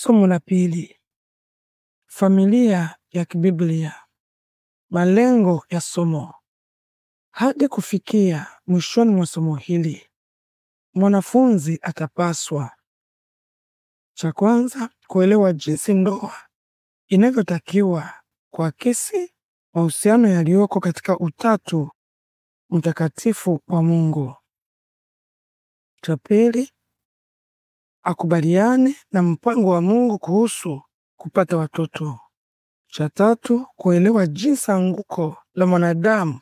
Somo la pili: familia ya kibiblia. Malengo ya somo. Hadi kufikia mwishoni mwa somo hili, mwanafunzi atapaswa: cha kwanza, kuelewa jinsi ndoa inavyotakiwa kuakisi mahusiano yaliyoko katika Utatu Mtakatifu wa Mungu. Cha pili, akubaliane na mpango wa Mungu kuhusu kupata watoto. Cha tatu, kuelewa jinsi anguko la mwanadamu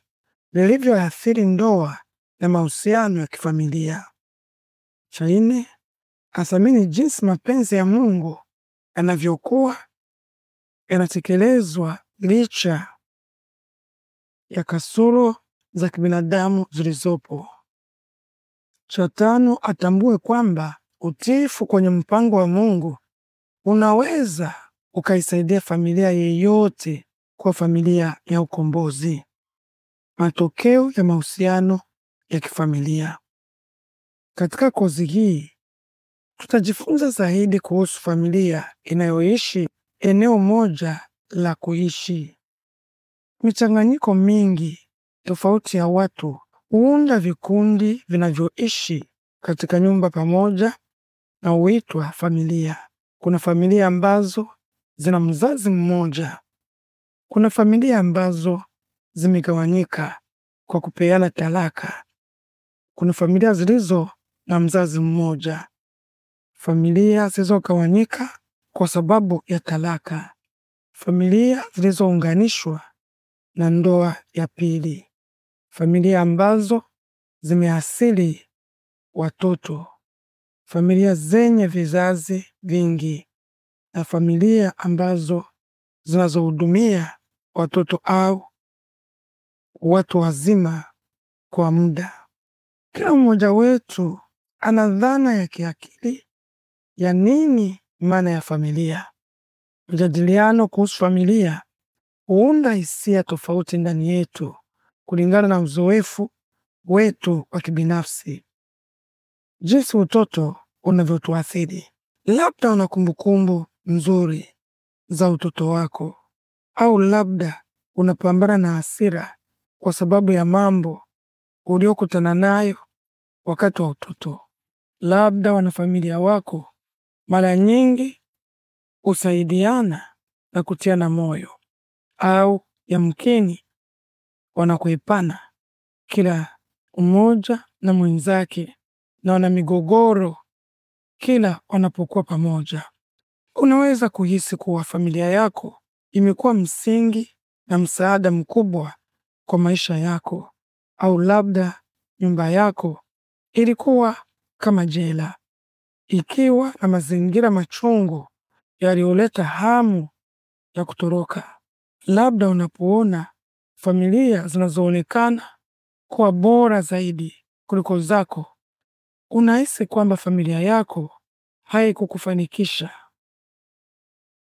lilivyoathiri ndoa na mahusiano ya kifamilia. Cha nne, athamini jinsi mapenzi ya Mungu yanavyokuwa yanatekelezwa licha ya kasoro za kibinadamu zilizopo. Cha tano, atambue kwamba utiifu kwenye mpango wa Mungu unaweza ukaisaidia familia yeyote kuwa familia ya ukombozi. Matokeo ya mahusiano ya kifamilia. Katika kozi hii tutajifunza zaidi kuhusu familia inayoishi eneo moja la kuishi. Michanganyiko mingi tofauti ya watu huunda vikundi vinavyoishi katika nyumba pamoja na huitwa familia. Kuna familia ambazo zina mzazi mmoja, kuna familia ambazo zimegawanyika kwa kupeana talaka, kuna familia zilizo na mzazi mmoja, familia zilizogawanyika kwa sababu ya talaka, familia zilizounganishwa na ndoa ya pili, familia ambazo zimeasili watoto familia zenye vizazi vingi na familia ambazo zinazohudumia watoto au watu wazima kwa muda. Kila mmoja wetu ana dhana ya kiakili ya nini maana ya familia. Mjadiliano kuhusu familia huunda hisia tofauti ndani yetu kulingana na uzoefu wetu wa kibinafsi. Jinsi utoto unavyotuathiri. Labda una kumbukumbu nzuri za utoto wako, au labda unapambana na hasira kwa sababu ya mambo uliokutana nayo wakati wa utoto. Labda wanafamilia wako mara nyingi husaidiana na kutiana moyo, au yamkini wanakuepana kila mmoja na mwenzake na wana migogoro kila wanapokuwa pamoja. Unaweza kuhisi kuwa familia yako imekuwa msingi na msaada mkubwa kwa maisha yako, au labda nyumba yako ilikuwa kama jela, ikiwa na mazingira machungu yaliyoleta hamu ya kutoroka. Labda unapoona familia zinazoonekana kuwa bora zaidi kuliko zako unahisi kwamba familia yako haikukufanikisha.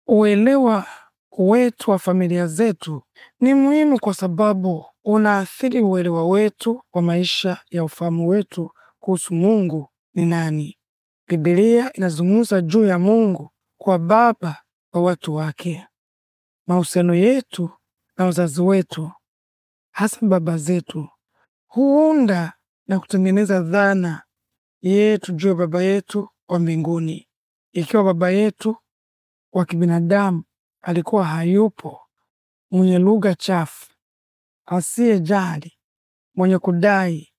Uelewa wetu wa familia zetu ni muhimu kwa sababu unaathiri uelewa wetu wa maisha ya ufahamu wetu kuhusu Mungu ni nani. Biblia inazungumza juu ya Mungu kwa baba wa watu wake. Mahusiano yetu na wazazi wetu, hasa baba zetu, huunda na kutengeneza dhana yeye ya Baba yetu wa mbinguni. Ikiwa baba yetu wa kibinadamu alikuwa hayupo, mwenye lugha chafu, jali mwenye kudai,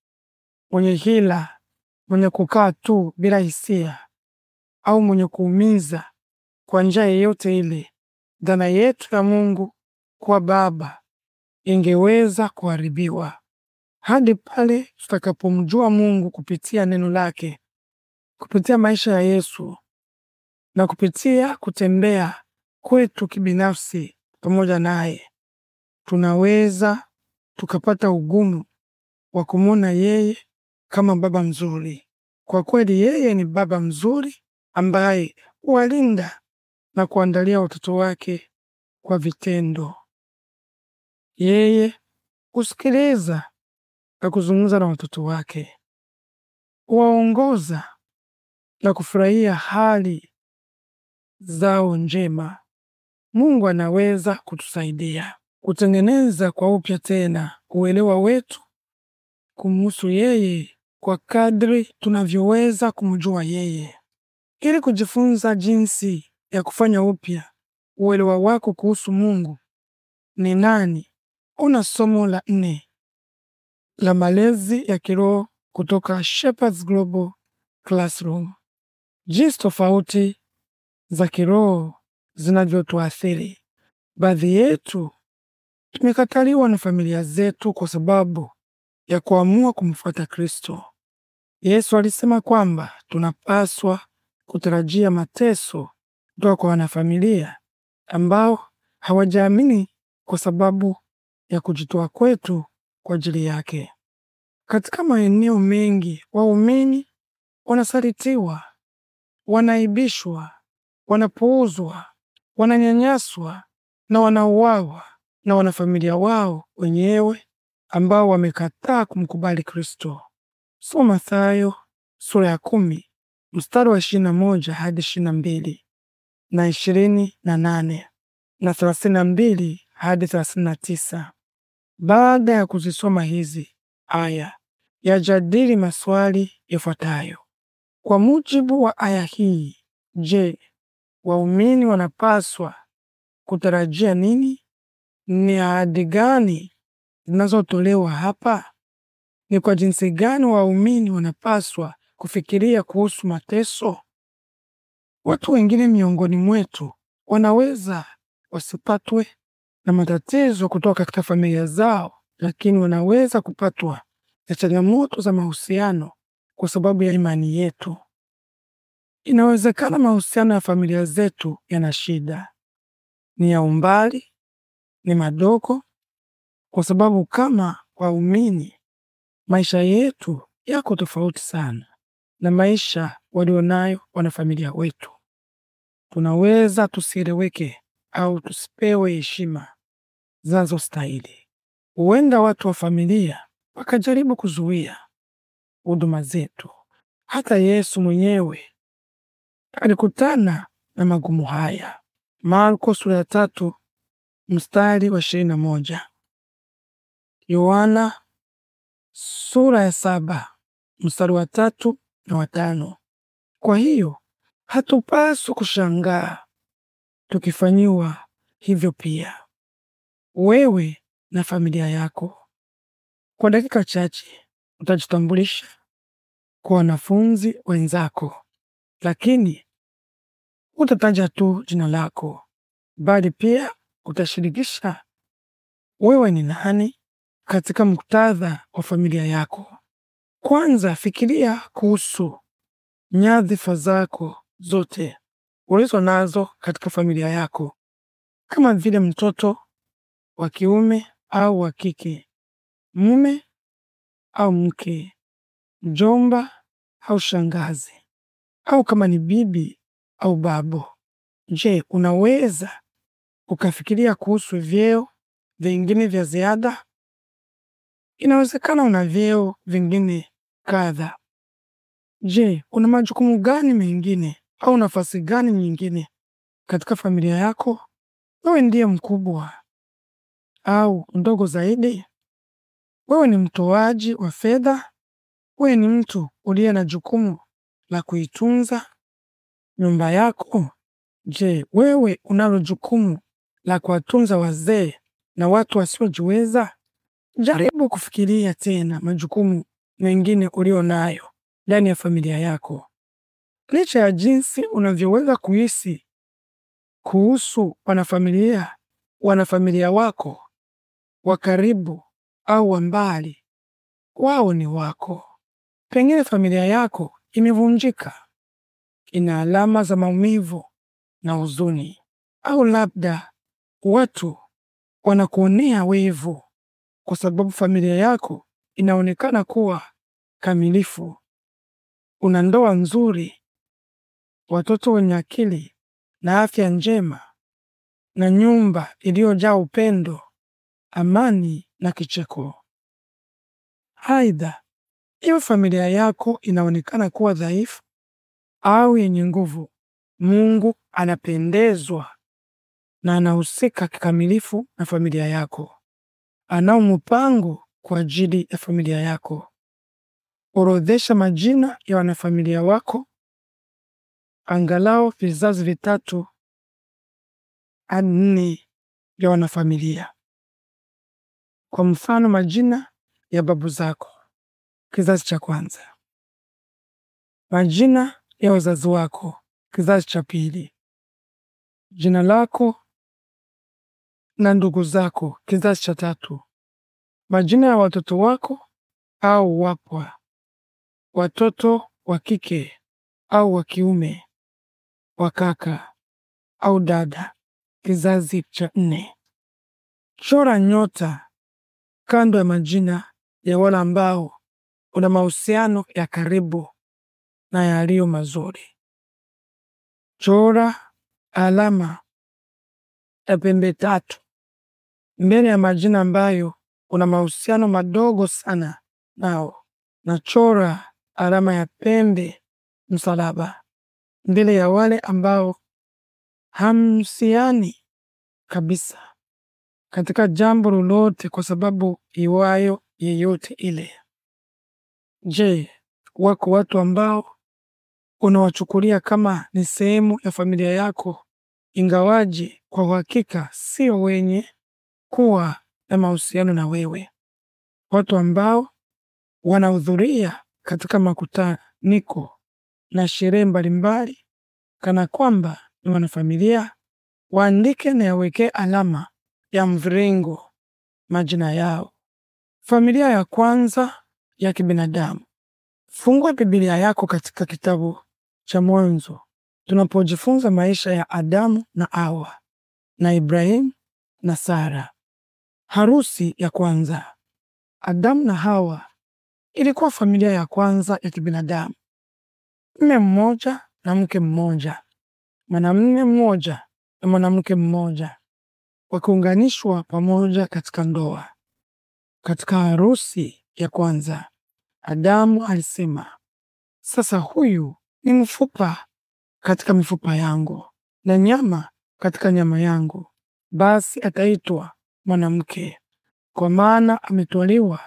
mwenye hila, mwenye kukaa tu bila hisia, au mwenye kuumiza kwa njia yeyote ile, dhana yetu ya Mungu kuwa baba ingeweza kuharibiwa hadi pale tutakapomjua Mungu kupitia neno lake, kupitia maisha ya Yesu na kupitia kutembea kwetu kibinafsi pamoja naye, tunaweza tukapata ugumu wa kumwona yeye kama baba mzuri. Kwa kweli, yeye ni baba mzuri ambaye huwalinda na kuandalia watoto wake kwa vitendo. Yeye husikiliza na kuzungumza na watoto wake, waongoza na kufurahia hali zao njema. Mungu anaweza kutusaidia kutengeneza kwa upya tena uelewa wetu kumhusu yeye kwa kadri tunavyoweza kumjua yeye, ili kujifunza jinsi ya kufanya upya uelewa wako kuhusu Mungu ni nani. Una somo la nne la malezi ya kiroho kutoka Shepherds Global Classroom, jinsi tofauti za kiroho zinavyotuathiri. Baadhi yetu tumekataliwa na familia zetu kwa sababu ya kuamua kumfuata Kristo. Yesu alisema kwamba tunapaswa kutarajia mateso kutoka kwa wanafamilia ambao hawajaamini kwa sababu ya kujitoa kwetu kwa ajili yake. Katika maeneo mengi waumini wanasalitiwa, wanaibishwa, wanapuuzwa, wananyanyaswa na wanauawa na wanafamilia wao wenyewe ambao wamekataa kumkubali Kristo. Soma Mathayo sura ya kumi mstari wa ishirini na moja hadi ishirini na mbili na ishirini na nane na thelathini na mbili hadi thelathini na tisa. Baada ya kuzisoma hizi aya, yajadili maswali yafuatayo. Kwa mujibu wa aya hii, je, waumini wanapaswa kutarajia nini? Ni ahadi gani zinazotolewa hapa? Ni kwa jinsi gani waumini wanapaswa kufikiria kuhusu mateso? Watu wengine miongoni mwetu wanaweza wasipatwe na matatizo kutoka katika familia zao, lakini wanaweza kupatwa na changamoto za mahusiano kwa sababu ya imani yetu. Inawezekana mahusiano ya familia zetu yana shida, ni ya umbali, ni madogo, kwa sababu kama waumini maisha yetu yako tofauti sana na maisha walionayo wanafamilia wetu. Tunaweza tusieleweke au tusipewe heshima zinazostahili. Huenda watu wa familia wakajaribu kuzuia huduma zetu. Hata Yesu mwenyewe alikutana na magumu haya. Marko sura ya tatu mstari wa ishirini na moja. Yohana sura ya saba mstari wa tatu na watano. Kwa hiyo hatupaswi kushangaa tukifanyiwa hivyo pia wewe na familia yako. Kwa dakika chache utajitambulisha kwa wanafunzi wenzako, lakini utataja tu jina lako, bali pia utashirikisha wewe ni nani katika muktadha wa familia yako. Kwanza fikiria kuhusu nyadhifa zako zote ulizo nazo katika familia yako, kama vile mtoto wa kiume au wa kike, mume au mke, mjomba au shangazi, au kama ni bibi au babo. Je, unaweza ukafikiria kuhusu vyeo vingine vya ziada? Inawezekana una vyeo vingine kadha. Je, una majukumu gani mengine au nafasi gani nyingine katika familia yako? Wewe ndiye mkubwa au ndogo zaidi? Wewe ni mtoaji wa fedha. Wewe ni mtu uliye na jukumu la kuitunza nyumba yako. Je, wewe unalo jukumu la kuwatunza wazee na watu wasiojiweza? Jaribu kufikiria tena majukumu mengine ulio nayo ndani ya familia yako. Licha ya jinsi unavyoweza kuhisi kuhusu wanafamilia wanafamilia wako wa karibu au wa mbali, wao ni wako. Pengine familia yako imevunjika, ina alama za maumivu na huzuni, au labda watu wanakuonea wivu kwa sababu familia yako inaonekana kuwa kamilifu, una ndoa nzuri, watoto wenye akili na afya njema, na nyumba iliyojaa upendo amani na kicheko. Aidha, iwe familia yako inaonekana kuwa dhaifu au yenye nguvu, Mungu anapendezwa na anahusika kikamilifu na familia yako. Anao mpango kwa ajili ya familia yako. Orodhesha majina ya wanafamilia wako angalau vizazi vitatu hadi nne vya wanafamilia. Kwa mfano, majina ya babu zako, kizazi cha kwanza, majina ya wazazi wako, kizazi cha pili, jina lako na ndugu zako, kizazi cha tatu, majina ya watoto wako au wapwa, watoto wa kike au wa kiume, wa kaka au dada, kizazi cha nne. Chora nyota kando ya majina ya wale ambao una mahusiano ya karibu na yaliyo mazuri. Chora alama ya pembe tatu mbele ya majina ambayo una mahusiano madogo sana nao, na chora alama ya pembe msalaba mbele ya wale ambao hamsiani kabisa katika jambo lolote kwa sababu iwayo yeyote ile. Je, wako watu ambao unawachukulia kama ni sehemu ya familia yako, ingawaje kwa uhakika sio wenye kuwa na mahusiano na wewe, watu ambao wanahudhuria katika makutaniko na sherehe mbalimbali kana kwamba ni wanafamilia. Waandike na yawekee alama ya mviringo majina yao. Familia ya kwanza ya kibinadamu. Fungua Biblia yako katika kitabu cha Mwanzo tunapojifunza maisha ya Adamu na Hawa na Ibrahimu na Sara. Harusi ya kwanza. Adamu na Hawa ilikuwa familia ya kwanza ya kibinadamu, mme mmoja na mke mmoja, mwanamume mmoja na mwanamke mmoja kuunganishwa pamoja katika ndoa. Katika harusi ya kwanza, Adamu alisema, sasa huyu ni mfupa katika mifupa yangu na nyama katika nyama yangu, basi ataitwa mwanamke, kwa maana ametwaliwa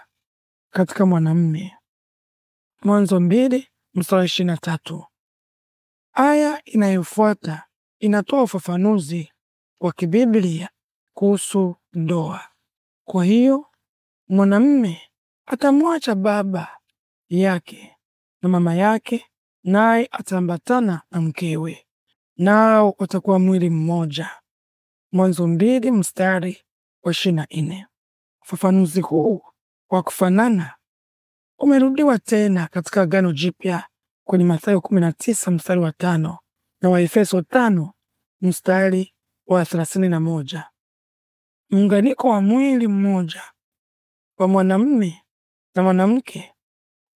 katika mwanamme. Mwanzo mbili mstari ishirini na tatu. Aya inayofuata inatoa ufafanuzi wa kibiblia kuhusu ndoa. Kwa hiyo mwanamme atamwacha baba yake na mama yake, naye ataambatana na mkewe, nao watakuwa mwili mmoja. Mwanzo mbili mstari wa ishirini na nne. Ufafanuzi huu wa kufanana umerudiwa tena katika Agano Jipya kwenye Mathayo 19 mstari wa tano na Waefeso tano mstari wa 31. Muunganiko wa mwili mmoja wa mwanamume na mwanamke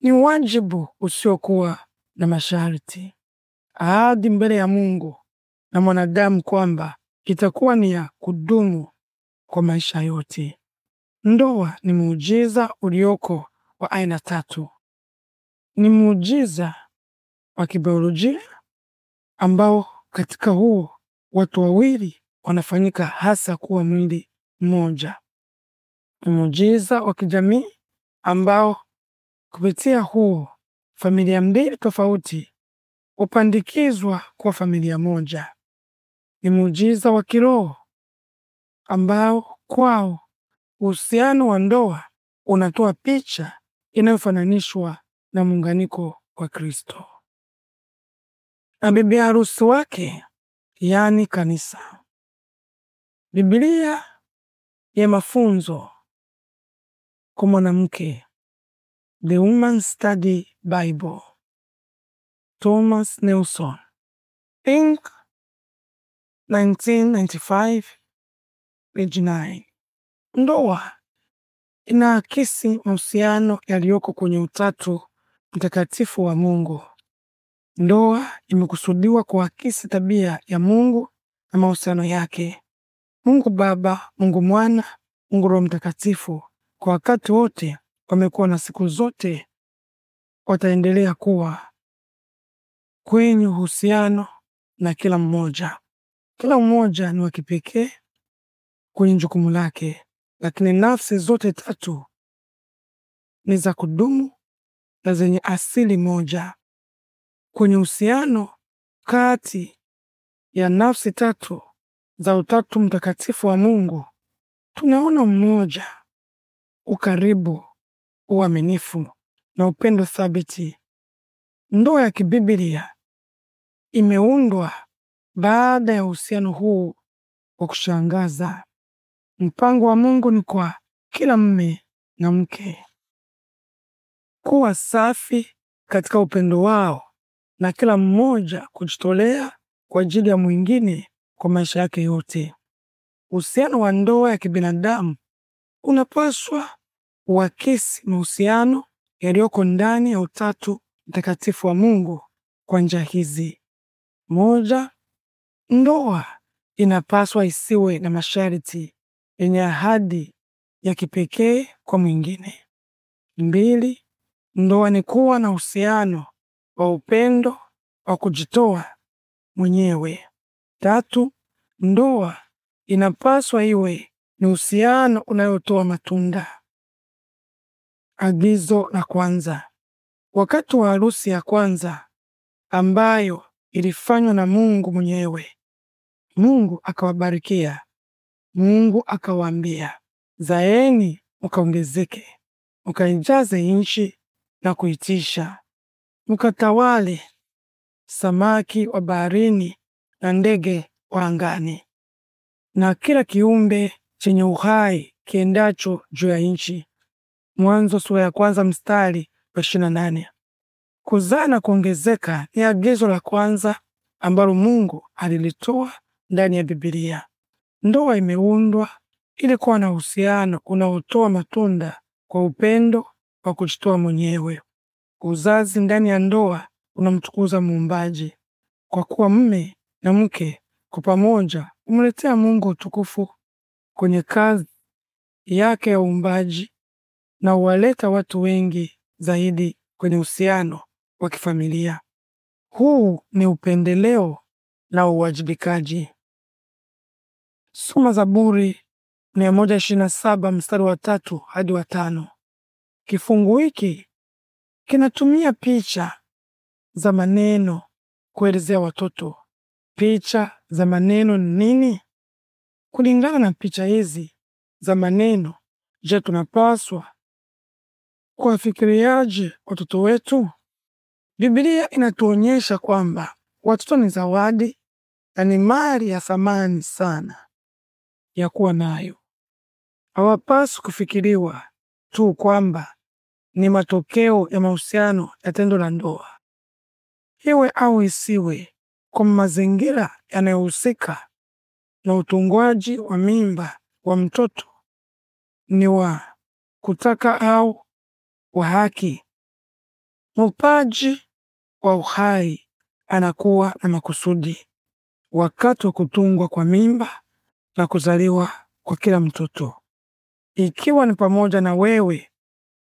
ni wajibu usiokuwa na masharti, ahadi mbele ya Mungu na mwanadamu kwamba itakuwa ni ya kudumu kwa maisha yote. Ndoa ni muujiza ulioko wa aina tatu. Ni muujiza wa kibiolojia ambao katika huo watu wawili wanafanyika hasa kuwa mwili moja. Muujiza wa kijamii ambao kupitia huo familia mbili tofauti hupandikizwa kuwa familia moja. Ni muujiza wa kiroho ambao kwao uhusiano wa ndoa unatoa picha inayofananishwa na muunganiko wa Kristo na bibi harusi wake, yaani kanisa. Biblia ya mafunzo kwa mwanamke, The Woman Study Bible, Thomas Nelson, Inc. 1995, page 9. Ndoa inaakisi mahusiano yaliyoko kwenye Utatu Mtakatifu wa Mungu. Ndoa imekusudiwa kuakisi tabia ya Mungu na mahusiano yake Mungu Baba, Mungu Mwana, Mungu Roho Mtakatifu kwa wakati wote wamekuwa na siku zote wataendelea kuwa kwenye uhusiano na kila mmoja. Kila mmoja ni wa kipekee kwenye jukumu lake, lakini nafsi zote tatu ni za kudumu na zenye asili moja. Kwenye uhusiano kati ya nafsi tatu za Utatu Mtakatifu wa Mungu tunaona mmoja ukaribu, uaminifu na upendo thabiti. Ndoa ya kibiblia imeundwa baada ya uhusiano huu wa kushangaza. Mpango wa Mungu ni kwa kila mme na mke kuwa safi katika upendo wao na kila mmoja kujitolea kwa ajili ya mwingine kwa maisha yake yote. Uhusiano wa ndoa ya kibinadamu unapaswa uakisi mahusiano yaliyoko ndani ya Utatu Mtakatifu wa Mungu kwa njia hizi: moja, ndoa inapaswa isiwe na masharti yenye ahadi ya kipekee kwa mwingine. Mbili, ndoa ni kuwa na uhusiano wa upendo wa kujitoa mwenyewe. Tatu, ndoa inapaswa iwe ni uhusiano unayotoa matunda. Agizo la kwanza. Wakati wa harusi ya kwanza ambayo ilifanywa na Mungu mwenyewe, Mungu akawabarikia. Mungu akawaambia, zaeni mukaongezeke, mukaijaze nchi na kuitisha, mukatawale samaki wa baharini na ndege wa angani na kila kiumbe chenye uhai kiendacho juu ya nchi. Mwanzo sura ya kwanza mstari wa 28. Kuzaa na kuongezeka ni agizo la kwanza ambalo Mungu alilitoa ndani ya Biblia. Ndoa imeundwa ili kuwa na uhusiano unaotoa matunda kwa upendo wa kujitoa mwenyewe. Uzazi ndani ya ndoa unamtukuza Muumbaji, kwa kuwa mme na mke kwa pamoja kumletea Mungu utukufu kwenye kazi yake ya uumbaji na huwaleta watu wengi zaidi kwenye uhusiano wa kifamilia. Huu ni upendeleo na uwajibikaji. Soma Zaburi 127 mstari wa tatu hadi wa tano. Kifungu hiki kinatumia picha za maneno kuelezea watoto picha za maneno ni nini? Kulingana na picha hizi za maneno, je, tunapaswa kuwafikiriaje watoto wetu? Biblia inatuonyesha kwamba watoto ni zawadi na ni mali ya thamani sana ya kuwa nayo. Hawapaswi kufikiriwa tu kwamba ni matokeo ya mahusiano ya tendo la ndoa, iwe au isiwe kwa mazingira yanayohusika na utungwaji wa mimba wa mtoto ni wa kutaka au wa haki, mupaji wa uhai anakuwa na makusudi wakati wa kutungwa kwa mimba na kuzaliwa kwa kila mtoto, ikiwa ni pamoja na wewe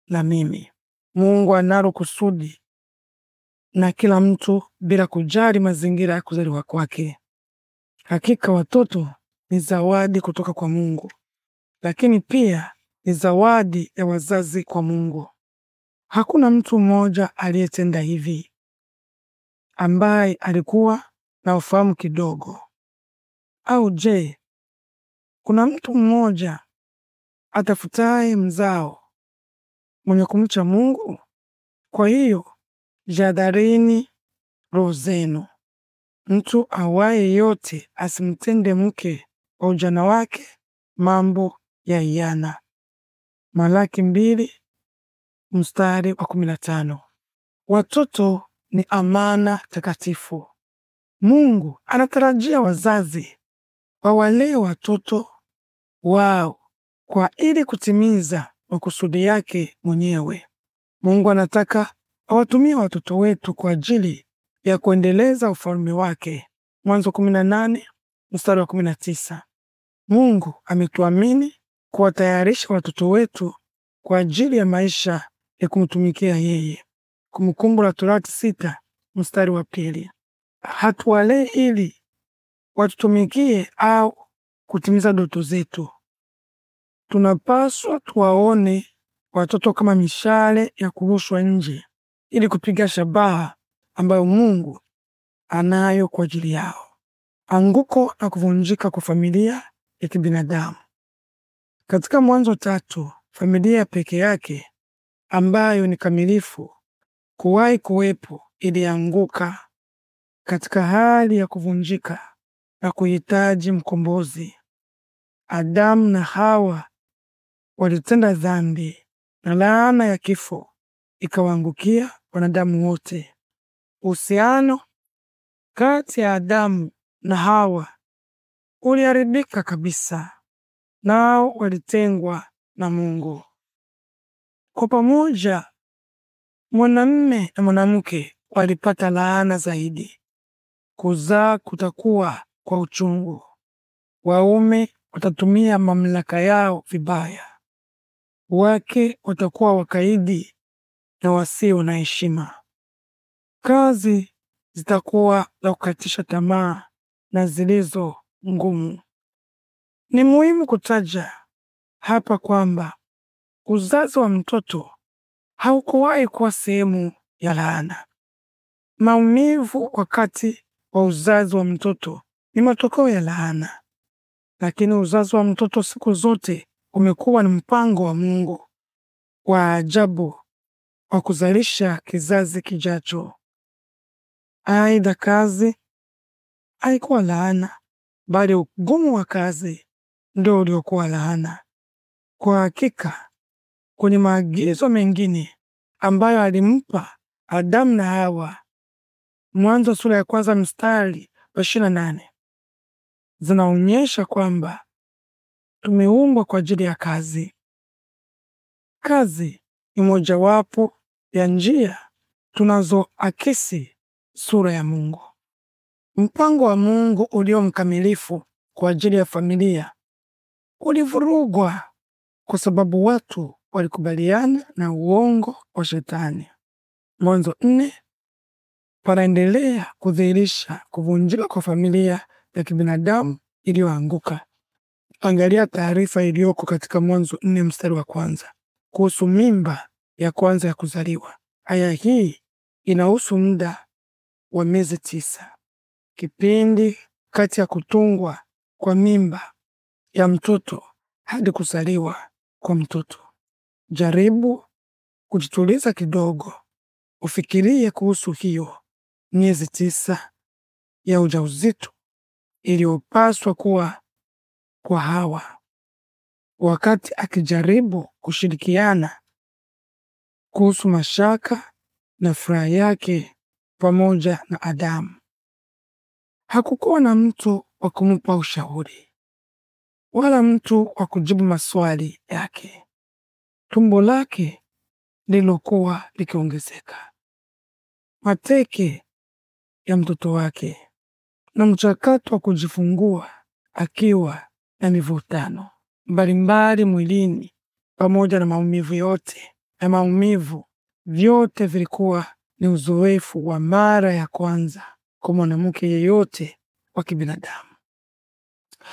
na mimi. Mungu analo kusudi na kila mtu bila kujali mazingira ya kuzaliwa kwake. Hakika watoto ni zawadi kutoka kwa Mungu, lakini pia ni zawadi ya wazazi kwa Mungu. Hakuna mtu mmoja aliyetenda hivi ambaye alikuwa na ufahamu kidogo. Au je, kuna mtu mmoja atafutaye mzao mwenye kumcha Mungu? Kwa hiyo jadharini roho zenu. Mtu awaye yote asimtende mke wa ujana wake mambo ya hiana. Malaki mbili mstari wa kumi na tano. Watoto ni amana takatifu. Mungu anatarajia wazazi wawalee watoto wao kwa ili kutimiza makusudi yake mwenyewe. Mungu anataka awatumia watoto wetu kwa ajili ya kuendeleza ufalme wake. Mwanzo 18 mstari wa 19. Mungu ametuamini kuwatayarisha watoto wetu kwa ajili ya maisha ya kumtumikia yeye. Kumbukumbu la Torati sita mstari wa pili. Hatuwalee ili watutumikie au kutimiza ndoto zetu. Tunapaswa tuwaone watoto kama mishale ya kurushwa nje ili kupiga shabaha ambayo Mungu anayo kwa ajili yao. Anguko na kuvunjika kwa familia ya kibinadamu. Katika Mwanzo tatu, familia peke yake ambayo ni kamilifu kuwahi kuwepo ilianguka katika hali ya kuvunjika na kuhitaji mkombozi. Adamu na Hawa walitenda dhambi na laana ya kifo ikawaangukia wanadamu wote. Uhusiano kati ya Adamu na Hawa uliharibika kabisa, nao walitengwa na Mungu. Kwa pamoja, mwanamme na mwanamke walipata laana zaidi. Kuzaa kutakuwa kwa uchungu. Waume watatumia mamlaka yao vibaya, wake watakuwa wakaidi na wasio na heshima. Kazi zitakuwa za kukatisha tamaa na zilizo ngumu. Ni muhimu kutaja hapa kwamba uzazi wa mtoto haukuwahi kuwa sehemu ya laana. Maumivu wakati wa uzazi wa mtoto ni matokeo ya laana, lakini uzazi wa mtoto siku zote umekuwa ni mpango wa Mungu wa ajabu wa kuzalisha kizazi kijacho. Aidha, kazi haikuwa laana, bali ugumu wa kazi ndio uliokuwa laana. Kwa hakika kwenye maagizo mengine ambayo alimpa Adamu na Hawa, Mwanzo sura ya kwanza mstari wa ishirini na nane zinaonyesha kwamba tumeumbwa kwa ajili ya kazi. Kazi ni mojawapo ya njia tunazoakisi sura ya Mungu. Mpango wa Mungu ulio mkamilifu kwa ajili ya familia ulivurugwa kwa sababu watu walikubaliana na uongo wa Shetani. Mwanzo nne panaendelea kudhihirisha kuvunjika kwa familia ya kibinadamu iliyoanguka. Angalia taarifa iliyoko katika Mwanzo nne mstari wa kwanza kuhusu mimba ya kwanza ya kuzaliwa. Aya hii inahusu muda wa miezi tisa, kipindi kati ya kutungwa kwa mimba ya mtoto hadi kuzaliwa kwa mtoto. Jaribu kujituliza kidogo, ufikirie kuhusu hiyo miezi tisa ya ujauzito iliyopaswa kuwa kwa Hawa wakati akijaribu kushirikiana kuhusu mashaka na furaha yake pamoja na Adamu. Hakukuwa na mtu wa kumpa ushauri wala mtu wa kujibu maswali yake. Tumbo lake lilokuwa likiongezeka, mateke ya mtoto wake, na mchakato wa kujifungua akiwa na mivutano mbalimbali mwilini pamoja na maumivu yote na maumivu, vyote vilikuwa ni uzoefu wa mara ya kwanza kwa mwanamke yeyote wa kibinadamu.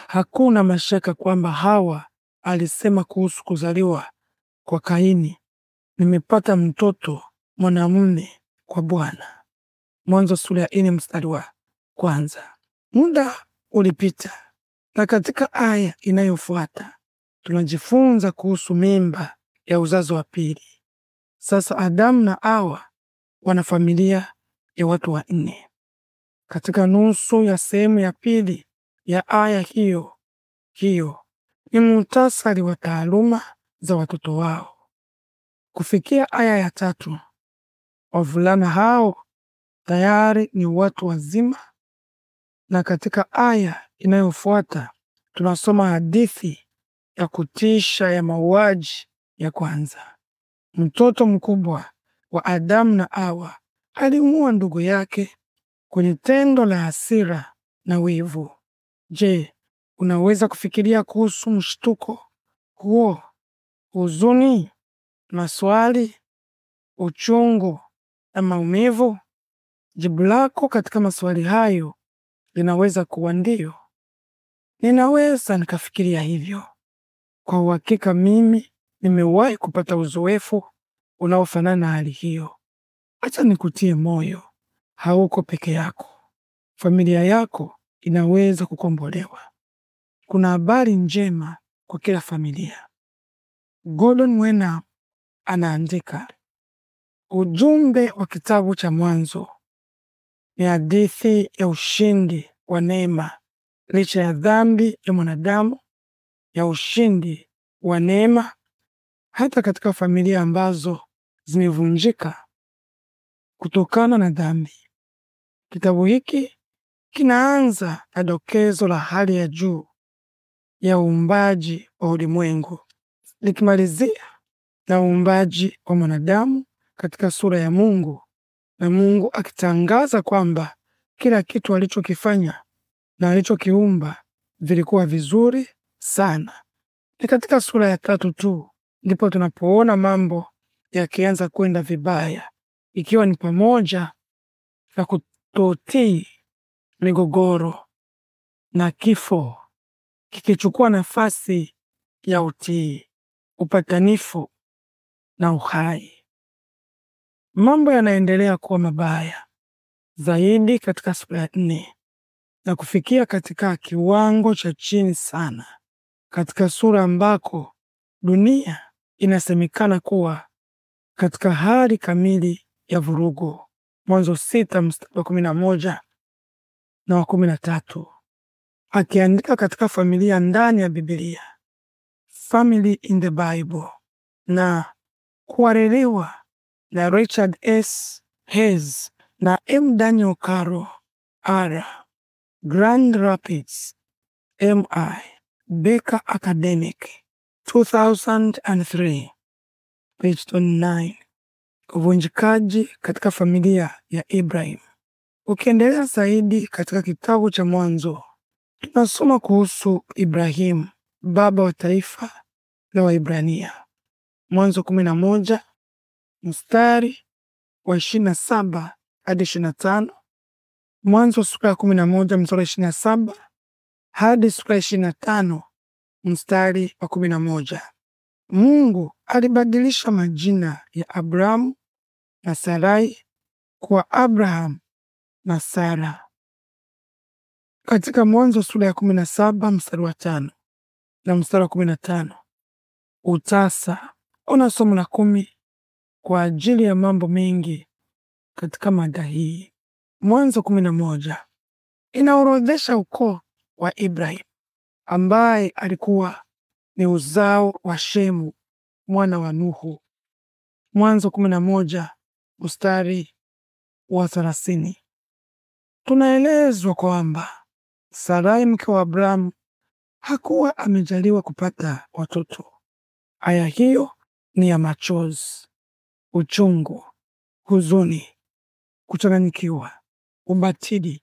Hakuna mashaka kwamba Hawa alisema kuhusu kuzaliwa kwa Kaini, nimepata mtoto mwanamume kwa Bwana. Mwanzo sura ya nne mstari wa kwanza. Muda ulipita na katika aya inayofuata tunajifunza kuhusu mimba ya uzazi wa pili. Sasa Adamu na awa wana familia ya watu wanne. Katika nusu ya sehemu ya pili ya aya hiyo hiyo ni muhtasari wa taaluma za watoto wao. Kufikia aya ya tatu, wavulana hao tayari ni watu wazima, na katika aya inayofuata tunasoma hadithi ya kutisha ya mauaji ya kwanza mtoto mkubwa wa Adamu na awa alimuua ndugu yake kwenye tendo la hasira na wivu. Je, unaweza kufikiria kuhusu mshtuko huo, huzuni, maswali, uchungu na maumivu? Jibu lako katika maswali hayo linaweza kuwa ndiyo, ninaweza nikafikiria hivyo. Kwa uhakika mimi nimewahi kupata uzoefu unaofanana na hali hiyo. Acha nikutie moyo, hauko peke yako. Familia yako inaweza kukombolewa. Kuna habari njema kwa kila familia. Gordon wena anaandika, ujumbe wa kitabu cha Mwanzo ni hadithi ya ushindi wa neema licha ya dhambi ya mwanadamu, ya ushindi wa neema hata katika familia ambazo zimevunjika kutokana na dhambi. Kitabu hiki kinaanza na dokezo la hali ya juu ya uumbaji wa ulimwengu likimalizia na uumbaji wa mwanadamu katika sura ya Mungu na Mungu akitangaza kwamba kila kitu alichokifanya na alichokiumba vilikuwa vizuri sana. Ni katika sura ya tatu tu ndipo tunapoona mambo yakianza kwenda vibaya, ikiwa ni pamoja na kutotii, migogoro na kifo kikichukua nafasi ya utii, upatanifu na uhai. Mambo yanaendelea kuwa mabaya zaidi katika sura ya nne na kufikia katika kiwango cha chini sana katika sura ambako dunia inasemekana kuwa katika hali kamili ya vurugu. Mwanzo sita mstari wa kumi na moja na wa kumi na tatu akiandika katika familia ndani ya Biblia, Family in the Bible, na kuareliwa na Richard S. Hayes na M. Daniel Caro R. Grand Rapids, MI Baker Academic 2003 page 29. Uvunjikaji katika familia ya Ibrahim. Ukiendelea zaidi katika kitabu cha Mwanzo, tunasoma kuhusu Ibrahimu, baba wa taifa la Waibrania. Mwanzo 11 mstari wa 27 hadi 25. Mwanzo sura ya 11 mstari 27 hadi sura ya 25 mstari wa kumi na moja. Mungu alibadilisha majina ya Abrahamu na Sarai kuwa Abraham na Sara katika Mwanzo sura ya kumi na saba mstari wa tano na mstari wa kumi na tano. Utasa una somo la kumi kwa ajili ya mambo mengi katika mada hii. Mwanzo kumi na moja inaorodhesha ukoo wa ibrahimu ambaye alikuwa ni uzao wa Shemu mwana wa Nuhu. Mwanzo kumi na moja mstari wa thelathini. Tunaelezwa kwamba Sarai mke wa Abrahamu hakuwa amejaliwa kupata watoto. Aya hiyo ni ya machozi, uchungu, huzuni, kuchanganyikiwa, ubatili,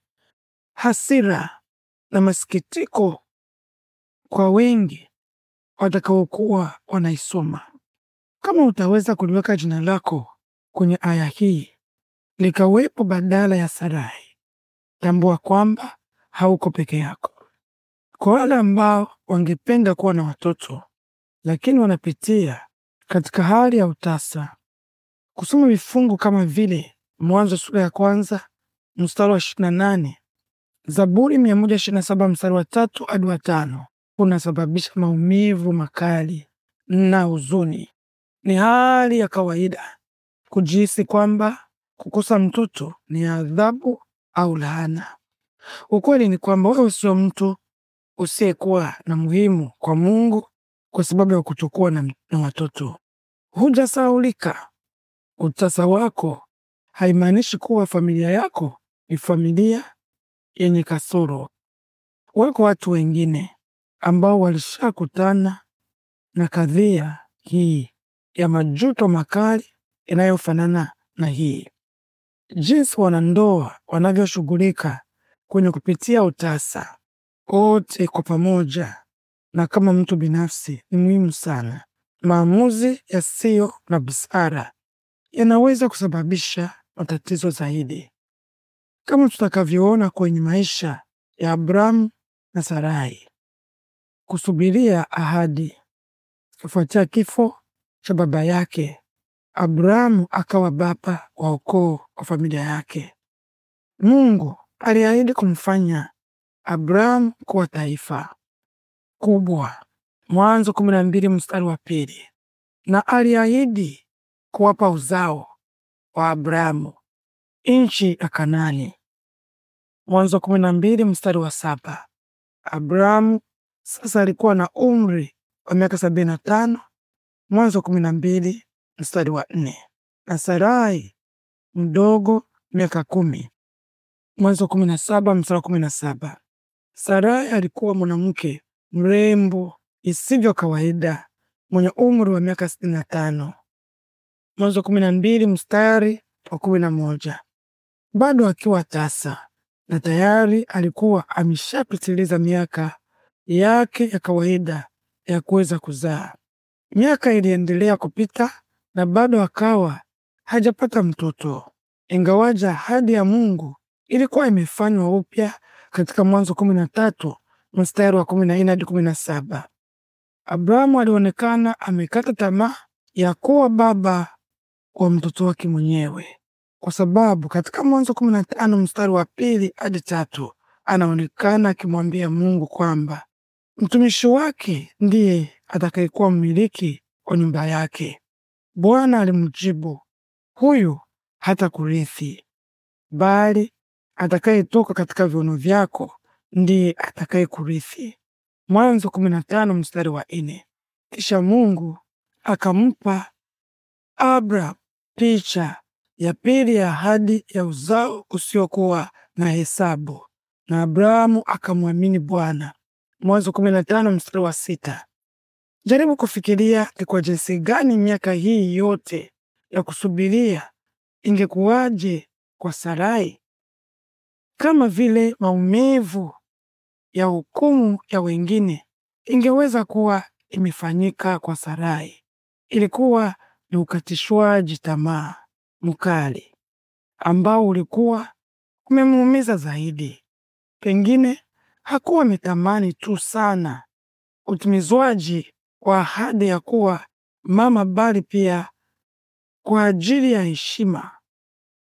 hasira na masikitiko kwa wengi watakaokuwa wanaisoma. Kama utaweza kuliweka jina lako kwenye aya hii likawepo badala ya Sarai, tambua kwamba hauko peke yako. Kwa wale ambao wangependa kuwa na watoto lakini wanapitia katika hali ya utasa, kusoma vifungu kama vile Mwanzo sura ya kwanza mstari wa 28, Zaburi 127 mstari wa tatu hadi wa tano kunasababisha maumivu makali na huzuni. Ni hali ya kawaida kujihisi kwamba kukosa mtoto ni adhabu au laana. Ukweli ni kwamba wewe sio mtu usiyekuwa na muhimu kwa Mungu kwa sababu ya kutokuwa na, na watoto. Hujasaulika. Utasa wako haimaanishi kuwa familia yako ni familia yenye kasoro. Wako watu wengine ambao walishakutana na kadhia hii ya majuto makali inayofanana na hii. Jinsi wanandoa wanavyoshughulika kwenye kupitia utasa wote kwa pamoja na kama mtu binafsi ni muhimu sana. Maamuzi yasiyo na busara yanaweza kusababisha matatizo zaidi, kama tutakavyoona kwenye maisha ya Abrahamu na Sarai kusubiria ahadi. Kufuatia kifo cha baba yake, Abrahamu akawa baba wa ukoo wa familia yake. Mungu aliahidi kumfanya Abrahamu kuwa taifa kubwa, Mwanzo 12 mstari wa pili, na aliahidi kuwapa uzao wa Abrahamu nchi ya Kanani. Mwanzo 12 mstari wa saba. Abrahamu sasa alikuwa na umri wa miaka sabini na tano. Mwanzo wa kumi na mbili mstari wa nne na Sarai mdogo miaka kumi. Mwanzo wa kumi na saba mstari wa kumi na saba. Sarai alikuwa mwanamke mrembo isivyo kawaida mwenye umri wa miaka sitini na tano. Mwanzo wa kumi na mbili mstari wa kumi na moja. Bado akiwa tasa na tayari alikuwa ameshapitiliza miaka yake ya kawaida ya kuweza kuzaa. Miaka iliendelea kupita na bado akawa hajapata mtoto, ingawaja ahadi ya Mungu ilikuwa imefanywa upya katika Mwanzo 13 mstari wa 14 hadi 17. Abrahamu alionekana amekata tamaa ya kuwa baba wa mtoto wake mwenyewe, kwa sababu katika Mwanzo 15 mstari wa pili hadi tatu anaonekana akimwambia Mungu kwamba Mtumishi wake ndiye atakayekuwa mmiliki wa nyumba yake. Bwana alimjibu, huyu hata kurithi, bali atakayetoka katika viuno vyako ndiye atakaye kurithi. Mwanzo 15 mstari wa nne. Kisha Mungu akampa Abraham picha ya pili ya ahadi ya uzao usiokuwa na hesabu, na Abrahamu akamwamini Bwana Mwanzo kumi na tano mstari wa sita. Jaribu kufikiria ni kwa jinsi gani miaka hii yote ya kusubiria ingekuwaje kwa Sarai, kama vile maumivu ya hukumu ya wengine ingeweza kuwa imefanyika kwa Sarai. Ilikuwa ni ukatishwaji tamaa mkali ambao ulikuwa umemuumiza zaidi, pengine hakuwa ametamani tu sana utimizwaji wa ahadi ya kuwa mama, bali pia kwa ajili ya heshima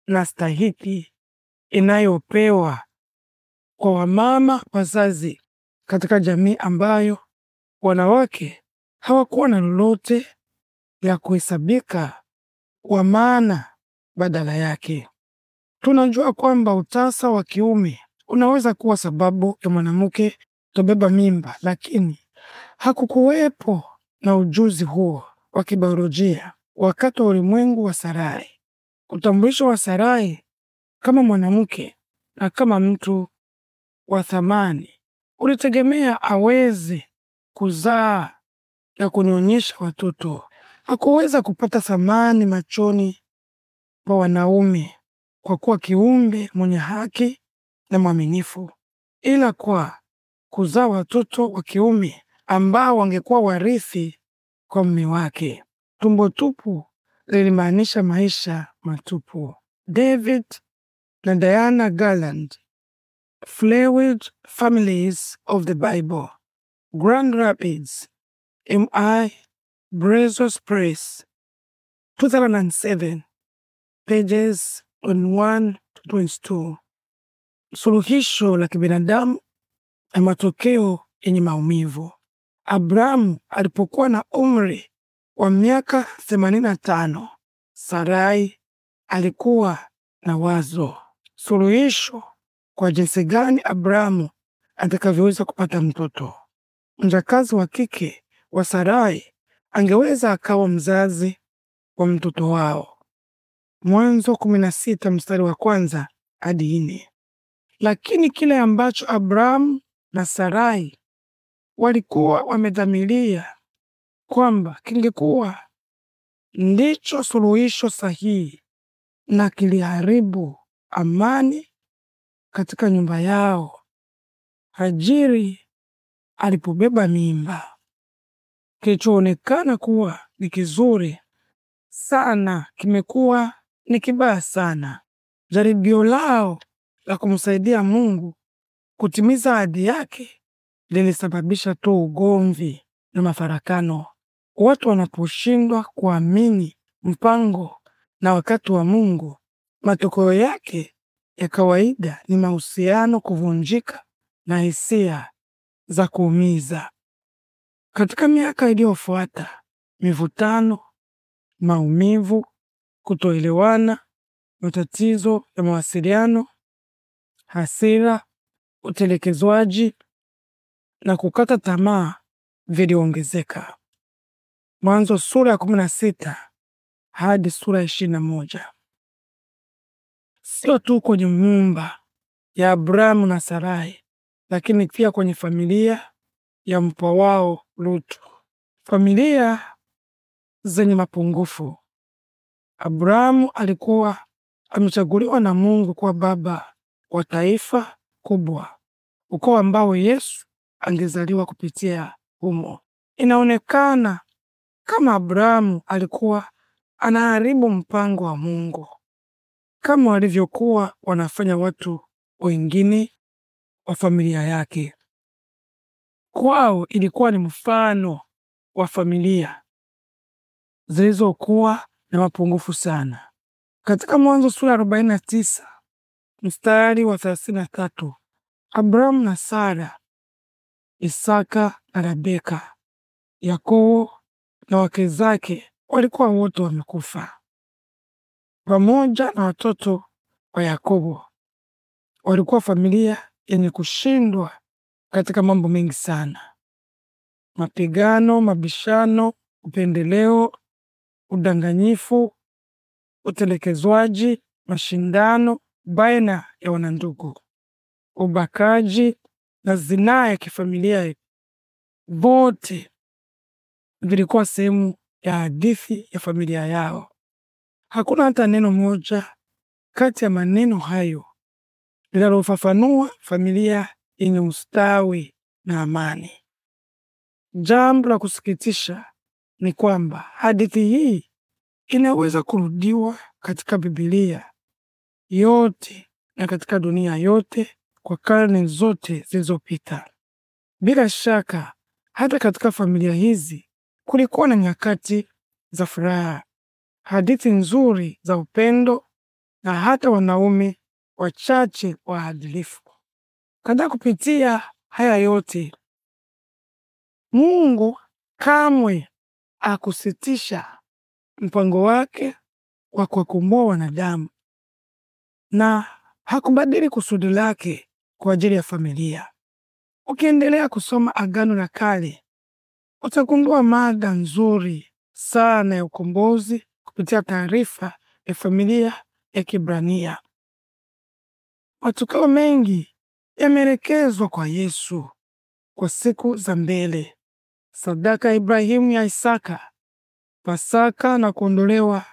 na stahiki inayopewa kwa wamama wazazi katika jamii ambayo wanawake hawakuwa na lolote ya kuhesabika wa maana. Badala yake tunajua kwamba utasa wa kiume unaweza kuwa sababu ya mwanamke kutobeba mimba, lakini hakukuwepo na ujuzi huo wa kibiolojia wakati wa ulimwengu wa Sarai. Utambulisho wa Sarai kama mwanamke na kama mtu wa thamani ulitegemea aweze kuzaa na kunyonyesha watoto. Hakuweza kupata thamani machoni pa wanaume kwa kuwa kiumbe mwenye haki na mwaminifu, ila kwa kuzaa watoto wa kiume ambao wangekuwa warithi kwa mume wake. Tumbo tupu lilimaanisha maisha matupu. David na Diana Garland, Flyweight Families of the Bible, Grand Rapids, MI Brazos Press, 2007, pages on 1 to 22 suluhisho la kibinadamu na matokeo yenye maumivu. Abrahamu alipokuwa na umri wa miaka 85, Sarai alikuwa na wazo suluhisho kwa jinsi gani Abrahamu atakavyoweza kupata mtoto. Mjakazi wa kike wa Sarai angeweza akawa mzazi wa mtoto wao. Mwanzo 16 mstari wa kwanza hadi nne. Lakini kile ambacho Abrahamu na Sarai walikuwa wamedhamiria kwamba kingekuwa ndicho suluhisho sahihi, na kiliharibu amani katika nyumba yao Hajiri alipobeba mimba. Kilichoonekana kuwa ni kizuri sana kimekuwa ni kibaya sana. Jaribio lao la kumsaidia Mungu kutimiza ahadi yake lilisababisha tu ugomvi na mafarakano. Watu wanaposhindwa kuamini mpango na wakati wa Mungu, matokeo yake ya kawaida ni mahusiano kuvunjika na hisia za kuumiza. Katika miaka iliyofuata, mivutano, maumivu, kutoelewana, matatizo ya mawasiliano hasira, utelekezwaji na kukata tamaa viliongezeka. Mwanzo sura ya kumi na sita hadi sura ya ishirini na moja. Sio tu kwenye nyumba ya Abrahamu na Sarai, lakini pia kwenye familia ya mpwa wao Lutu. Familia zenye mapungufu. Abrahamu alikuwa amechaguliwa na Mungu kuwa baba wa taifa kubwa, ukoo ambao Yesu angezaliwa kupitia humo. Inaonekana kama Abrahamu alikuwa anaharibu mpango wa Mungu kama walivyokuwa wanafanya watu wengine wa familia yake. Kwao ilikuwa ni mfano wa familia zilizokuwa na mapungufu sana. Katika Mwanzo sura mstari wa 33 na tatu Abrahamu na Sara, Isaka na Rebeka, Yakobo na wake zake walikuwa wote wamekufa pamoja na watoto wa Yakobo. Walikuwa familia yenye kushindwa katika mambo mengi sana: mapigano, mabishano, upendeleo, udanganyifu, utelekezwaji, mashindano baina ya wanandugu, ubakaji na zinaa ya kifamilia vote vilikuwa sehemu ya hadithi ya familia yao. Hakuna hata neno moja kati ya maneno hayo linalofafanua familia yenye ustawi na amani. Jambo la kusikitisha ni kwamba hadithi hii inaweza kurudiwa katika Biblia yote na katika dunia yote kwa karne zote zilizopita. Bila shaka, hata katika familia hizi kulikuwa na nyakati za furaha, hadithi nzuri za upendo na hata wanaume wachache waadilifu. Katika kupitia haya yote, Mungu kamwe akusitisha mpango wake wa kuwakomboa wanadamu na hakubadili kusudi lake kwa ajili ya familia. Ukiendelea kusoma Agano la Kale utagundua mada nzuri sana ya ukombozi kupitia taarifa ya familia ya Kibrania. Matukio mengi yameelekezwa kwa Yesu kwa siku za mbele: sadaka ya Ibrahimu ya Isaka, Pasaka na kuondolewa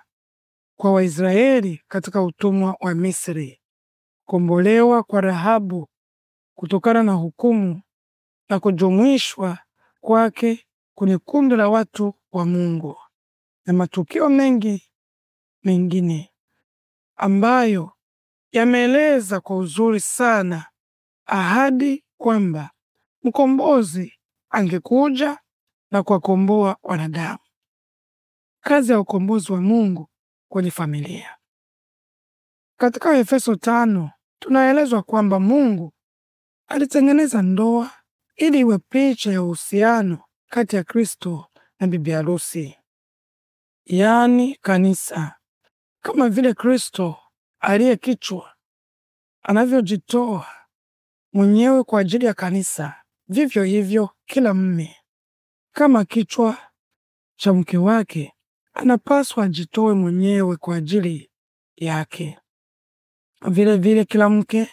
kwa Waisraeli katika utumwa wa Misri, kombolewa kwa Rahabu kutokana na hukumu na kujumuishwa kwake kwenye kundi la watu wa Mungu, na matukio mengi mengine ambayo yameeleza kwa uzuri sana ahadi kwamba mkombozi angekuja na kuwakomboa wanadamu. Kazi ya ukombozi wa Mungu kwenye familia. Katika Efeso tano tunaelezwa kwamba Mungu alitengeneza ndoa ili iwe picha ya uhusiano kati ya Kristo na bibi harusi, yaani kanisa. Kama vile Kristo aliye kichwa anavyojitoa mwenyewe kwa ajili ya kanisa, vivyo hivyo kila mme kama kichwa cha mke wake anapaswa ajitoe mwenyewe kwa ajili yake. Vile vile kila mke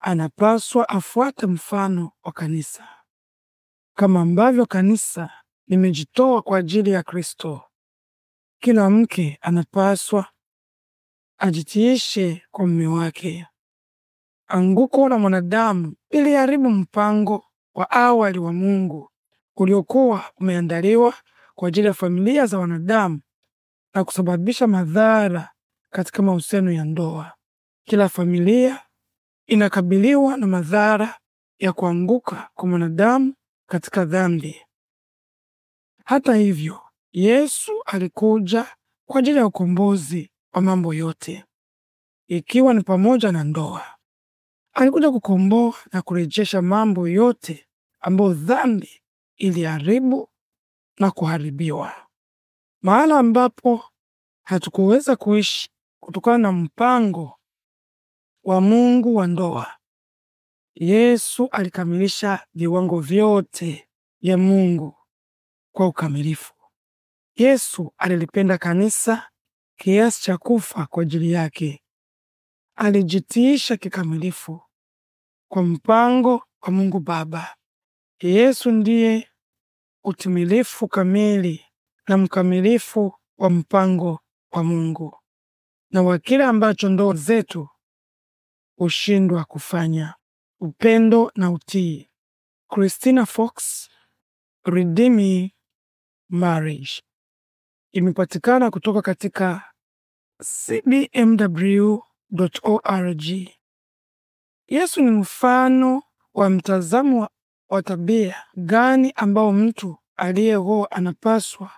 anapaswa afuate mfano wa kanisa. Kama ambavyo kanisa limejitoa kwa ajili ya Kristo, kila mke anapaswa ajitiishe kwa mume wake. Anguko la mwanadamu iliharibu mpango wa awali wa Mungu uliokuwa umeandaliwa kwa ajili ya familia za wanadamu na kusababisha madhara katika mahusiano ya ndoa. Kila familia inakabiliwa na madhara ya kuanguka kwa mwanadamu katika dhambi. Hata hivyo, Yesu alikuja kwa ajili ya ukombozi wa mambo yote, ikiwa ni pamoja na ndoa. Alikuja kukomboa na kurejesha mambo yote ambayo dhambi iliharibu na kuharibiwa mahala ambapo hatukuweza kuishi kutokana na mpango wa Mungu wa ndoa. Yesu alikamilisha viwango vyote vya Mungu kwa ukamilifu. Yesu alilipenda kanisa kiasi cha kufa kwa ajili yake. Alijitiisha kikamilifu kwa mpango wa Mungu Baba. Yesu ndiye utimilifu kamili na mkamilifu wa mpango wa Mungu na wa kile ambacho ndoo zetu hushindwa kufanya. Upendo na utii. Christina Fox, Redeeming Marriage, imepatikana kutoka katika cbmw.org. Yesu ni mfano wa mtazamo wa tabia gani ambao mtu aliye anapaswa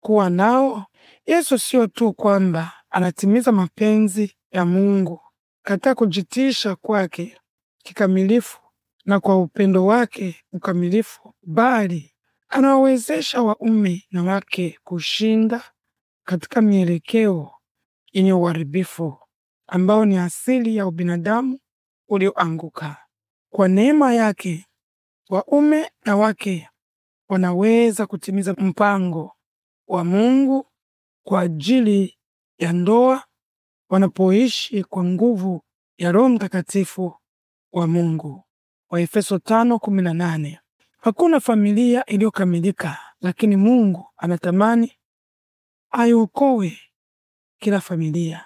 kuwa nao. Yesu sio tu kwamba anatimiza mapenzi ya Mungu katika kujitisha kwake kikamilifu na kwa upendo wake mkamilifu, bali anawawezesha waume na wake kushinda katika mielekeo yenye uharibifu ambao ni asili ya ubinadamu ulioanguka. Kwa neema yake waume na wake wanaweza kutimiza mpango wa Mungu kwa ajili ya ndoa wanapoishi kwa nguvu ya Roho Mtakatifu wa Mungu. Waefeso 5:18. Hakuna familia iliyokamilika, lakini Mungu anatamani aiokoe kila familia.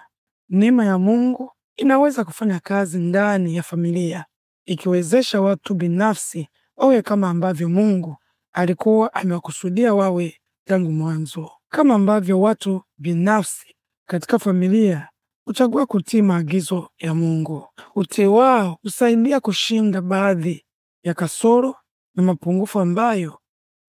Neema ya Mungu inaweza kufanya kazi ndani ya familia, ikiwezesha watu binafsi wawe kama ambavyo Mungu alikuwa amewakusudia wawe tangu mwanzo, kama ambavyo watu binafsi katika familia huchagua kutii maagizo ya Mungu. Utii wao husaidia kushinda baadhi ya kasoro na mapungufu ambayo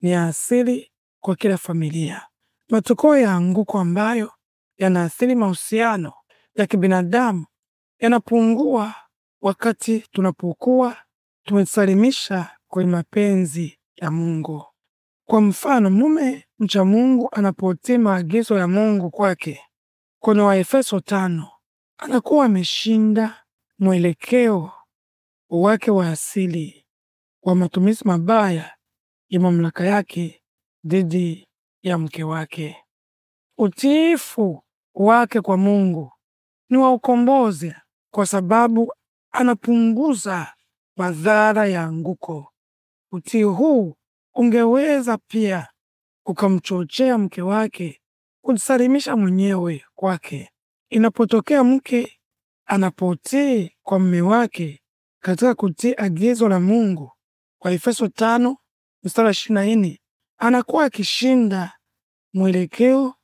ni ya asili kwa kila familia. Matokeo ya anguko ambayo yanaathiri mahusiano ya kibinadamu yanapungua wakati tunapokuwa tumesalimisha kwenye mapenzi ya Mungu. Kwa mfano, mume mcha Mungu anapotii maagizo ya Mungu kwake kwenye Waefeso tano, anakuwa ameshinda mwelekeo wake wa asili wa matumizi mabaya ya mamlaka yake dhidi ya mke wake. Utiifu wake kwa Mungu ni wa ukombozi, kwa sababu anapunguza madhara ya anguko. Utii huu ungeweza pia ukamchochea mke wake kujisalimisha mwenyewe kwake. Inapotokea mke anapotii kwa mme wake katika kutii agizo la Mungu kwa Efeso tano mstari ishirini na nne anakuwa akishinda mwelekeo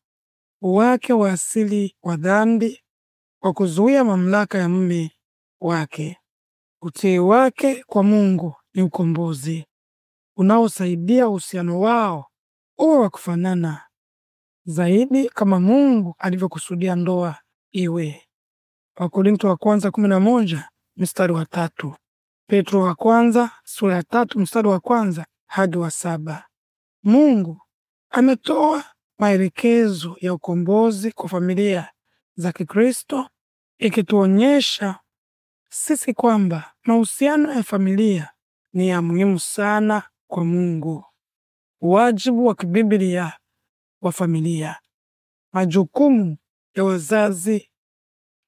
wake wa asili wa dhambi kwa kuzuia mamlaka ya mme wake. Utii wake kwa Mungu ni ukombozi unaosaidia uhusiano wao uwe wa kufanana zaidi kama Mungu alivyokusudia ndoa iwe. Wakorintho wa kwanza kumi na moja mstari wa tatu. Petro wa kwanza sura ya tatu mstari wa kwanza hadi wa saba. Mungu ametoa maelekezo ya ukombozi kwa familia za Kikristo ikituonyesha sisi kwamba mahusiano ya familia ni ya muhimu sana kwa Mungu, wajibu wa kibiblia wa familia, majukumu ya wazazi